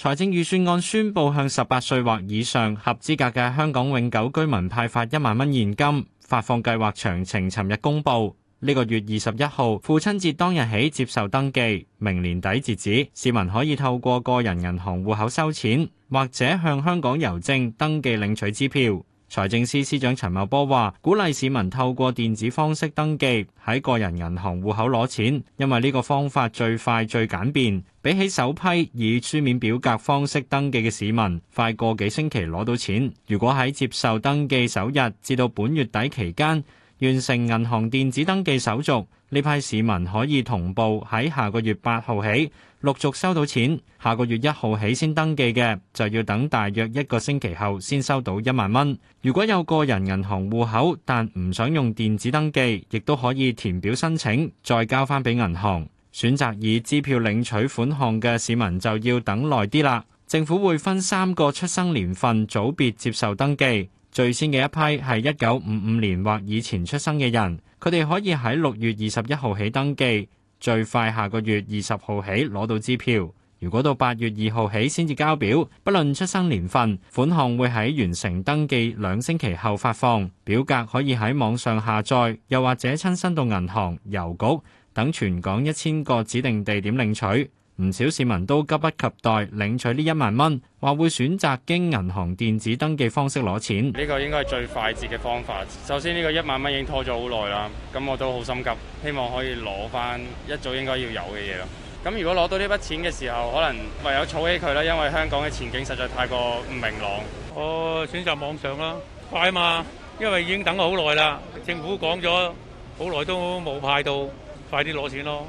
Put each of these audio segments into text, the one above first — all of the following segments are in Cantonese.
財政預算案宣佈向十八歲或以上合資格嘅香港永久居民派發一萬蚊現金，發放計劃詳情尋日公布。呢個月二十一號父親節當日起接受登記，明年底截止，市民可以透過個人銀行戶口收錢，或者向香港郵政登記領取支票。財政司司長陳茂波話：鼓勵市民透過電子方式登記，喺個人銀行戶口攞錢，因為呢個方法最快最簡便，比起首批以書面表格方式登記嘅市民，快個幾星期攞到錢。如果喺接受登記首日至到本月底期間，完成銀行電子登記手續，呢批市民可以同步喺下個月八號起陸續收到錢。下個月一號起先登記嘅，就要等大約一個星期後先收到一萬蚊。如果有個人銀行戶口，但唔想用電子登記，亦都可以填表申請，再交翻俾銀行。選擇以支票領取款項嘅市民就要等耐啲喇。政府會分三個出生年份組別接受登記。最先嘅一批係一九五五年或以前出生嘅人，佢哋可以喺六月二十一號起登記，最快下個月二十號起攞到支票。如果到八月二號起先至交表，不論出生年份，款項會喺完成登記兩星期後發放。表格可以喺網上下載，又或者親身到銀行、郵局等全港一千個指定地點領取。唔少市民都急不及待領取呢一萬蚊，話會選擇經銀行電子登記方式攞錢。呢個應該係最快捷嘅方法。首先呢個一萬蚊已經拖咗好耐啦，咁我都好心急，希望可以攞翻一早應該要有嘅嘢咯。咁如果攞到呢筆錢嘅時候，可能唯有儲起佢啦，因為香港嘅前景實在太過唔明朗。我、呃、選擇網上啦，快嘛，因為已經等咗好耐啦。政府講咗好耐都冇派到，快啲攞錢咯。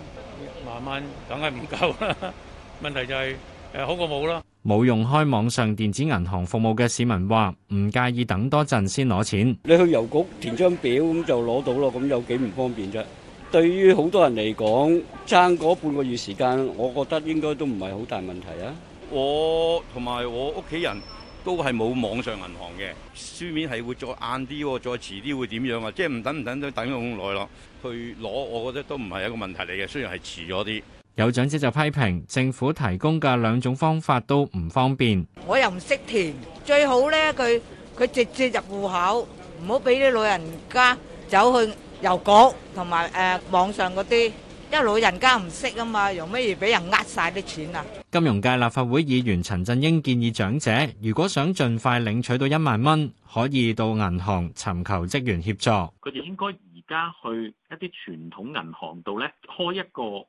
慢慢梗係唔夠啦，問題就係，誒，好過冇啦。冇用開網上電子銀行服務嘅市民話唔介意等多陣先攞錢。你去郵局填張表咁就攞到咯，咁有幾唔方便啫。對於好多人嚟講，爭嗰半個月時間，我覺得應該都唔係好大問題啊。我同埋我屋企人，都係冇網上銀行嘅，書面係會再晏啲，再遲啲會點樣啊？即係唔等唔等都等咗咁耐咯，去攞我覺得都唔係一個問題嚟嘅，雖然係遲咗啲。有長者就批評政府提供嘅兩種方法都唔方便，我又唔識填，最好咧佢佢直接入戶口，唔好俾啲老人家走去郵局同埋誒網上嗰啲。因為老人家唔識啊嘛，又咩俾人呃曬啲錢啊？金融界立法會議員陳振英建議長者，如果想盡快領取到一萬蚊，可以到銀行尋求職員協助。佢哋應該而家去一啲傳統銀行度咧開一個誒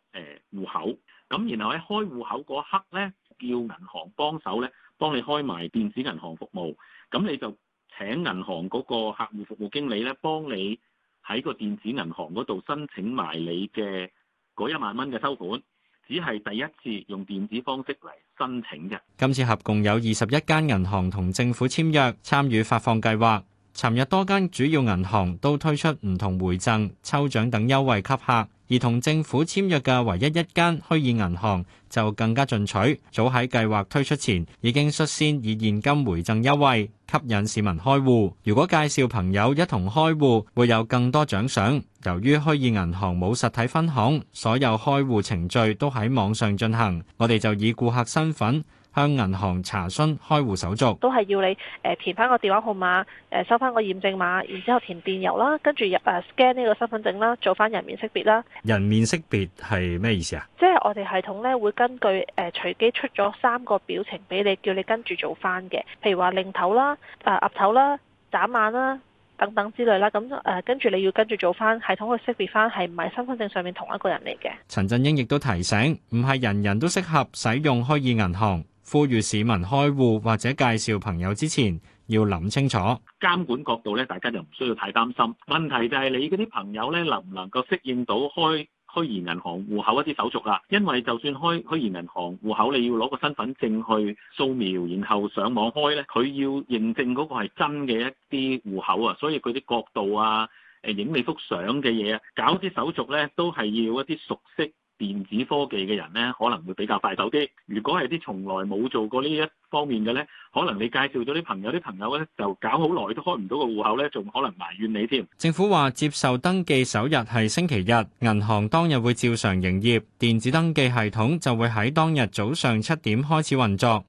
戶口，咁然後喺開戶口嗰刻咧叫銀行幫手咧，幫你開埋電子銀行服務。咁你就請銀行嗰個客戶服務經理咧幫你喺個電子銀行嗰度申請埋你嘅。嗰一萬蚊嘅收款，只係第一次用電子方式嚟申請嘅。今次合共有二十一間銀行同政府簽約參與發放計劃。尋日多間主要銀行都推出唔同回贈、抽獎等優惠給客。而同政府簽約嘅唯一一間虛擬銀行就更加進取，早喺計劃推出前已經率先以現金回贈優惠吸引市民開戶。如果介紹朋友一同開戶，會有更多獎賞。由於虛擬銀行冇實體分行，所有開戶程序都喺網上進行。我哋就以顧客身份。向銀行查詢開戶手續都係要你填翻個電話號碼，收翻個驗證碼，然之後填電郵啦，跟住入 scan 呢個身份證啦，做翻人面識別啦。人面識別係咩意思啊？即係我哋系統咧會根據誒隨機出咗三個表情俾你，叫你跟住做翻嘅。譬如話擰頭啦、啊岌頭啦、眨眼啦等等之類啦。咁誒跟住你要跟住做翻系統去識別翻係唔係身份證上面同一個人嚟嘅。陳振英亦都提醒，唔係人人都適合使用虛擬銀行。呼籲市民開戶或者介紹朋友之前，要諗清楚。監管角度咧，大家就唔需要太擔心。問題就係你嗰啲朋友咧，能唔能夠適應到開虛擬銀行戶口一啲手續啦？因為就算開虛擬銀行戶口，你要攞個身份證去掃描，然後上網開咧，佢要認證嗰個係真嘅一啲戶口啊。所以佢啲角度啊，誒影你幅相嘅嘢啊，搞啲手續咧，都係要一啲熟悉電子科技嘅人咧，可能會比較快手啲。如果係啲從來冇做過呢一方面嘅咧，可能你介紹咗啲朋友，啲朋友咧就搞好耐都開唔到個戶口咧，仲可能埋怨你添。政府話接受登記首日係星期日，銀行當日會照常營業，電子登記系統就會喺當日早上七點開始運作。